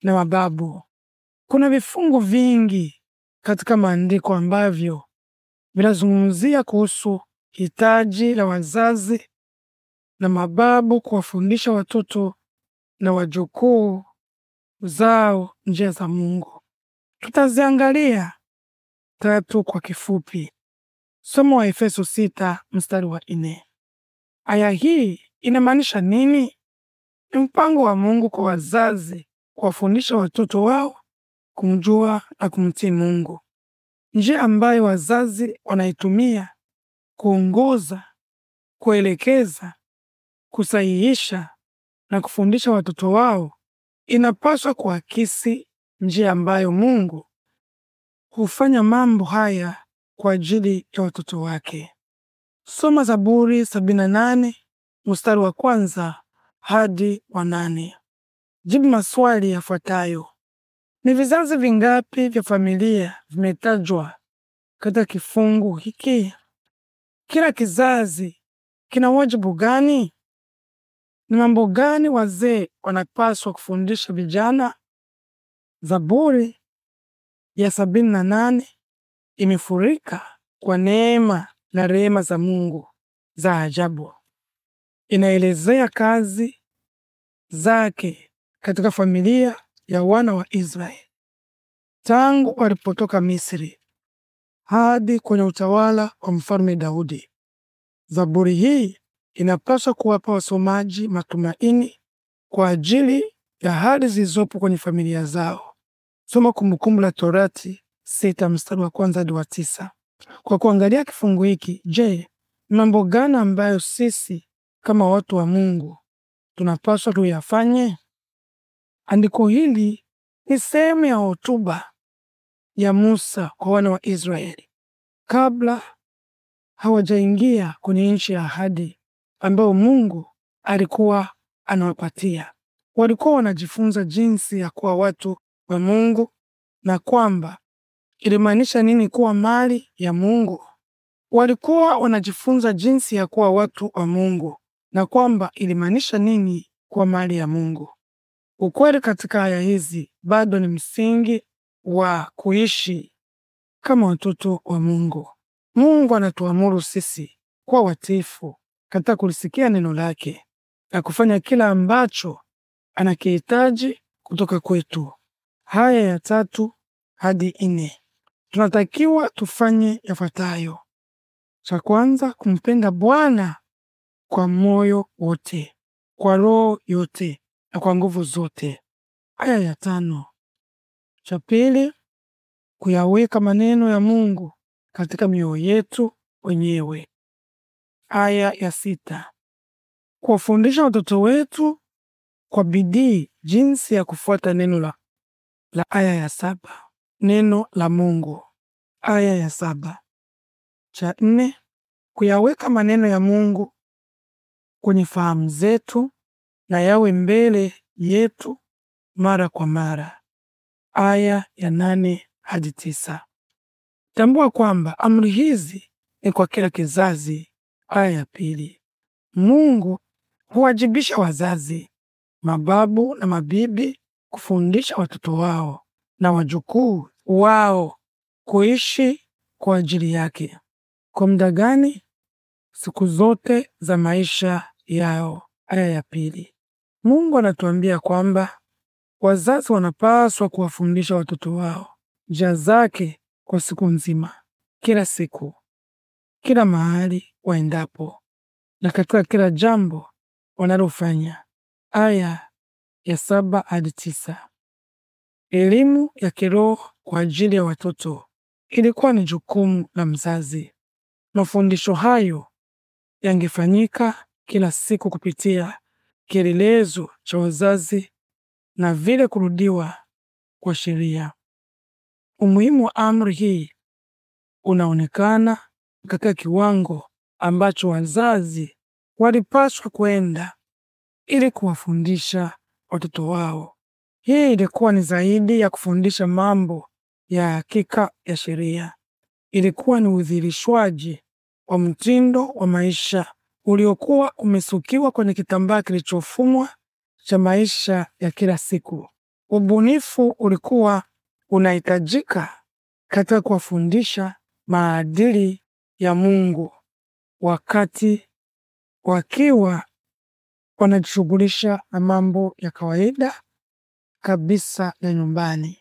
na mababu. Kuna vifungu vingi katika maandiko ambavyo vinazungumzia kuhusu hitaji la wazazi na mababu kuwafundisha watoto na wajukuu zao njia za Mungu. Tutaziangalia tatu kwa kifupi. Somo wa Efeso sita mstari wa nne. Aya hii inamaanisha nini? Ni mpango wa Mungu kwa wazazi kuwafundisha watoto wao kumjua na kumtii Mungu. Njia ambayo wazazi wanaitumia kuongoza, kuelekeza, kusahihisha na kufundisha watoto wao inapaswa kuakisi njia ambayo Mungu hufanya mambo haya kwa ajili ya watoto wake. Soma Zaburi 78 mstari wa kwanza hadi wa nane. Jibu maswali yafuatayo: ni vizazi vingapi vya familia vimetajwa katika kifungu hiki? Kila kizazi kina wajibu gani? Ni mambo gani wazee wanapaswa kufundisha vijana? Zaburi ya sabini na nane imefurika kwa neema na rehema za Mungu za ajabu. Inaelezea kazi zake katika familia ya wana wa Israeli tangu walipotoka Misri hadi kwenye utawala wa Mfalme Daudi. Zaburi hii inapaswa kuwapa wasomaji matumaini kwa ajili ya hali zilizopo kwenye familia zao. Soma Kumbukumbu la Torati sita mstari wa kwanza hadi wa tisa. Kwa kuangalia kifungu hiki, je, mambo gani ambayo sisi kama watu wa Mungu tunapaswa tuyafanye? Andiko hili ni sehemu ya hotuba ya Musa kwa wana wa Israeli kabla hawajaingia kwenye nchi ya ahadi ambayo Mungu alikuwa anawapatia. Walikuwa wanajifunza jinsi ya kuwa watu wa Mungu na kwamba ilimaanisha nini kuwa mali ya Mungu? Walikuwa wanajifunza jinsi ya kuwa watu wa Mungu na kwamba ilimaanisha nini kuwa mali ya Mungu. Ukweli katika aya hizi bado ni msingi wa kuishi kama watoto wa Mungu. Mungu anatuamuru sisi kuwa watiifu katika kulisikia neno lake na kufanya kila ambacho anakihitaji kutoka kwetu. Haya ya tatu hadi nne tunatakiwa tufanye yafuatayo. Cha kwanza, kumpenda Bwana kwa moyo wote, kwa roho yote na kwa nguvu zote. Aya ya tano. Cha pili, kuyaweka maneno ya Mungu katika mioyo yetu wenyewe. Aya ya sita. Kuwafundisha watoto wetu kwa bidii jinsi ya kufuata neno la la aya ya saba neno la Mungu aya ya saba. Cha nne, kuyaweka maneno ya Mungu kwenye fahamu zetu na yawe mbele yetu mara kwa mara aya ya nane hadi tisa. Tambua kwamba amri hizi ni kwa kila kizazi aya ya pili. Mungu huwajibisha wazazi, mababu na mabibi kufundisha watoto wao na wajukuu wao kuishi kwa ajili yake kwa muda gani? Siku zote za maisha yao. Aya ya pili, Mungu anatuambia kwamba wazazi wanapaswa kuwafundisha watoto wao njia zake kwa siku nzima, kila siku, kila mahali waendapo, na katika kila jambo wanalofanya. Aya ya saba hadi tisa. Elimu ya kiroho kwa ajili ya watoto ilikuwa ni jukumu la mzazi. Mafundisho hayo yangefanyika kila siku kupitia kielelezo cha wazazi na vile kurudiwa kwa sheria. Umuhimu wa amri hii unaonekana katika kiwango ambacho wazazi walipaswa kwenda ili kuwafundisha watoto wao. Hii ilikuwa ni zaidi ya kufundisha mambo ya hakika ya sheria. Ilikuwa ni udhihirishwaji wa mtindo wa maisha uliokuwa umesukiwa kwenye kitambaa kilichofumwa cha maisha ya kila siku. Ubunifu ulikuwa unahitajika katika kuwafundisha maadili ya Mungu wakati wakiwa wanajishughulisha na mambo ya kawaida kabisa ya nyumbani,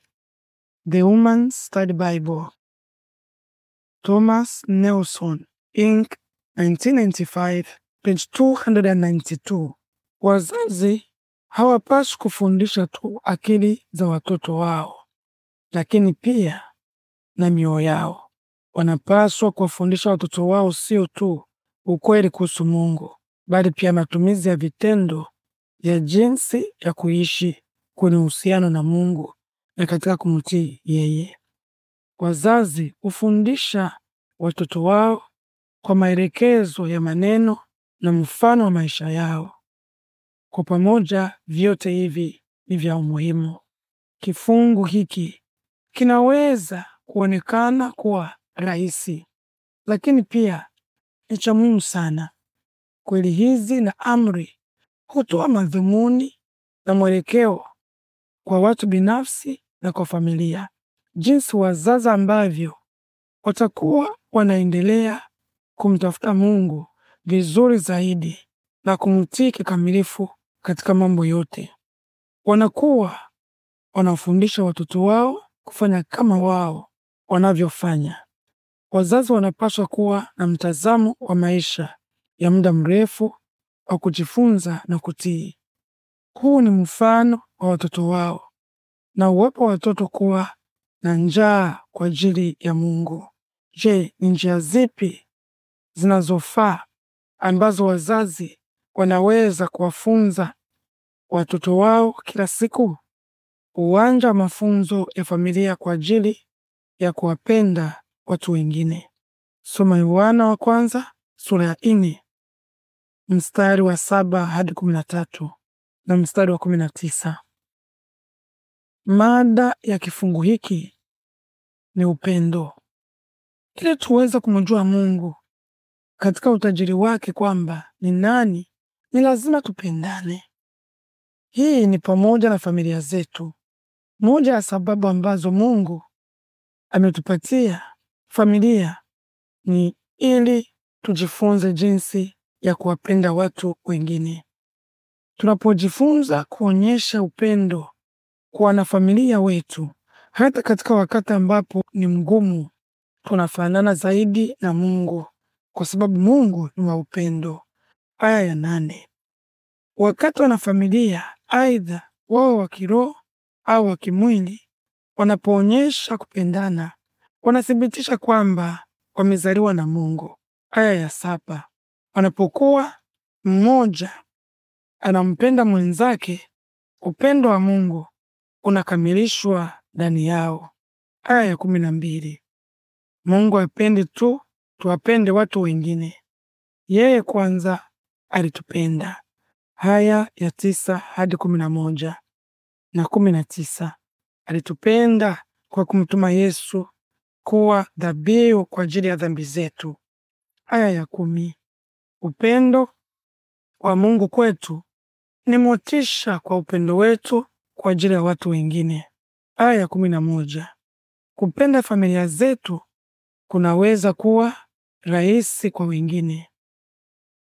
The Woman Study Bible, Thomas Nelson Inc, 1995, page 292. Wazazi hawapaswi kufundisha tu akili za watoto wao, lakini pia na mioyo yao. Wanapaswa kuwafundisha watoto wao sio tu ukweli kuhusu Mungu, bali pia matumizi ya vitendo ya jinsi ya kuishi kwenye uhusiano na Mungu na eh, katika kumtii yeye. Wazazi hufundisha watoto wao kwa maelekezo ya maneno na mfano wa maisha yao. Kwa pamoja, vyote hivi ni vya umuhimu. Kifungu hiki kinaweza kuonekana kuwa rahisi, lakini pia ni cha muhimu sana. Kweli hizi na amri hutoa madhumuni na mwelekeo kwa watu binafsi na kwa familia, jinsi wazazi ambavyo watakuwa wanaendelea kumtafuta Mungu vizuri zaidi na kumtii kikamilifu katika mambo yote. Wanakuwa wanafundisha watoto wao kufanya kama wao wanavyofanya. Wazazi wanapaswa kuwa na mtazamo wa maisha ya muda mrefu wa kujifunza na kutii. Huu ni mfano wa watoto wao na uwepo wa watoto kuwa na njaa kwa ajili ya Mungu. Je, ni njia zipi zinazofaa ambazo wazazi wanaweza kuwafunza watoto wao kila siku? Uwanja wa mafunzo ya familia kwa ajili ya kuwapenda watu wengine. Soma Yohana wa kwanza sura ya nne mstari wa saba hadi kumi na tatu na mstari wa kumi na tisa. Mada ya kifungu hiki ni upendo, ili tuweze kumjua Mungu katika utajiri wake kwamba ni nani, ni lazima tupendane. Hii ni pamoja na familia zetu, moja ya sababu ambazo Mungu ametupatia familia ni ili tujifunze jinsi ya kuwapenda watu wengine. Tunapojifunza kuonyesha upendo kwa wanafamilia wetu, hata katika wakati ambapo ni mgumu. Tunafanana zaidi na Mungu kwa sababu Mungu ni wa upendo. Aya ya nane. Wakati wanafamilia, aidha wao wa kiroho au wa kimwili, wanapoonyesha kupendana, wanathibitisha kwamba wamezaliwa na Mungu. Aya ya saba. Wanapokuwa mmoja anampenda mwenzake, upendo wa Mungu unakamilishwa ndani yao. Aya ya kumi na mbili. Mungu apende tu tuwapende watu wengine, yeye kwanza alitupenda. Haya ya tisa hadi kumi na moja na kumi na tisa. Alitupenda kwa kumtuma Yesu kuwa dhabihu kwa ajili ya dhambi zetu. Aya ya kumi. Upendo wa Mungu kwetu ni motisha kwa upendo wetu kwa ajili ya watu wengine. Aya ya kumi na moja. Kupenda familia zetu kunaweza kuwa rahisi kwa wengine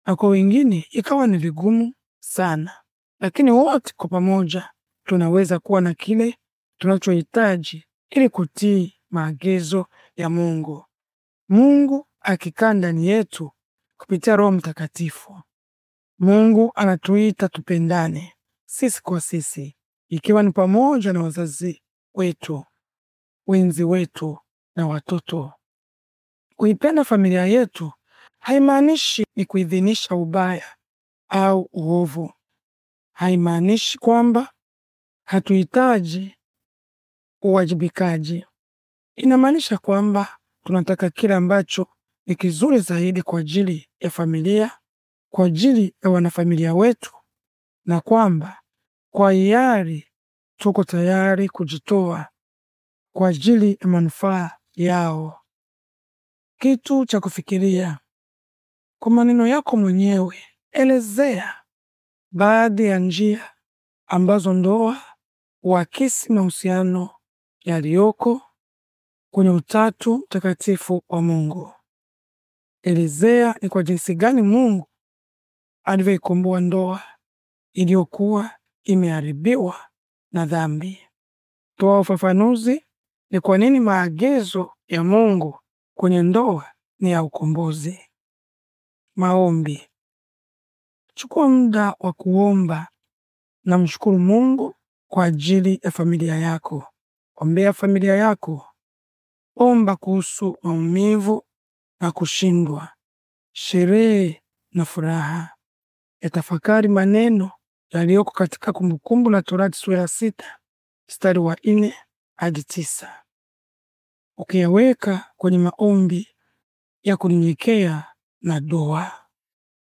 na kwa wengine ikawa ni vigumu sana, lakini wote kwa pamoja tunaweza kuwa na kile tunachohitaji ili kutii maagizo ya Mungu. Mungu akikaa ndani yetu kupitia Roho Mtakatifu. Mungu anatuita tupendane sisi kwa sisi ikiwa ni pamoja na wazazi wetu, wenzi wetu na watoto. Kuipenda familia yetu haimaanishi ni kuidhinisha ubaya au uovu. Haimaanishi kwamba hatuhitaji uwajibikaji. Inamaanisha kwamba tunataka kile ambacho ni kizuri zaidi kwa ajili ya familia, kwa ajili ya wanafamilia wetu na kwamba kwa hiari tuko tayari kujitoa kwa ajili ya manufaa yao. Kitu cha kufikiria. Kwa maneno yako mwenyewe, elezea baadhi ya njia ambazo ndoa huakisi mahusiano yaliyoko kwenye Utatu Mtakatifu wa Mungu. Elezea ni kwa jinsi gani Mungu alivyoikomboa ndoa iliyokuwa imeharibiwa na dhambi. Toa ufafanuzi ni kwa nini maagizo ya Mungu kwenye ndoa ni ya ukombozi. Maombi. Chukua muda wa kuomba na mshukuru Mungu kwa ajili ya familia yako. Ombea familia yako. Omba kuhusu maumivu na kushindwa, sherehe na furaha. Yatafakari maneno yaliyoko katika Kumbukumbu la Torati sura ya sita mstari wa nne hadi tisa ukiyaweka kwenye maombi ya kunyenyekea na doa.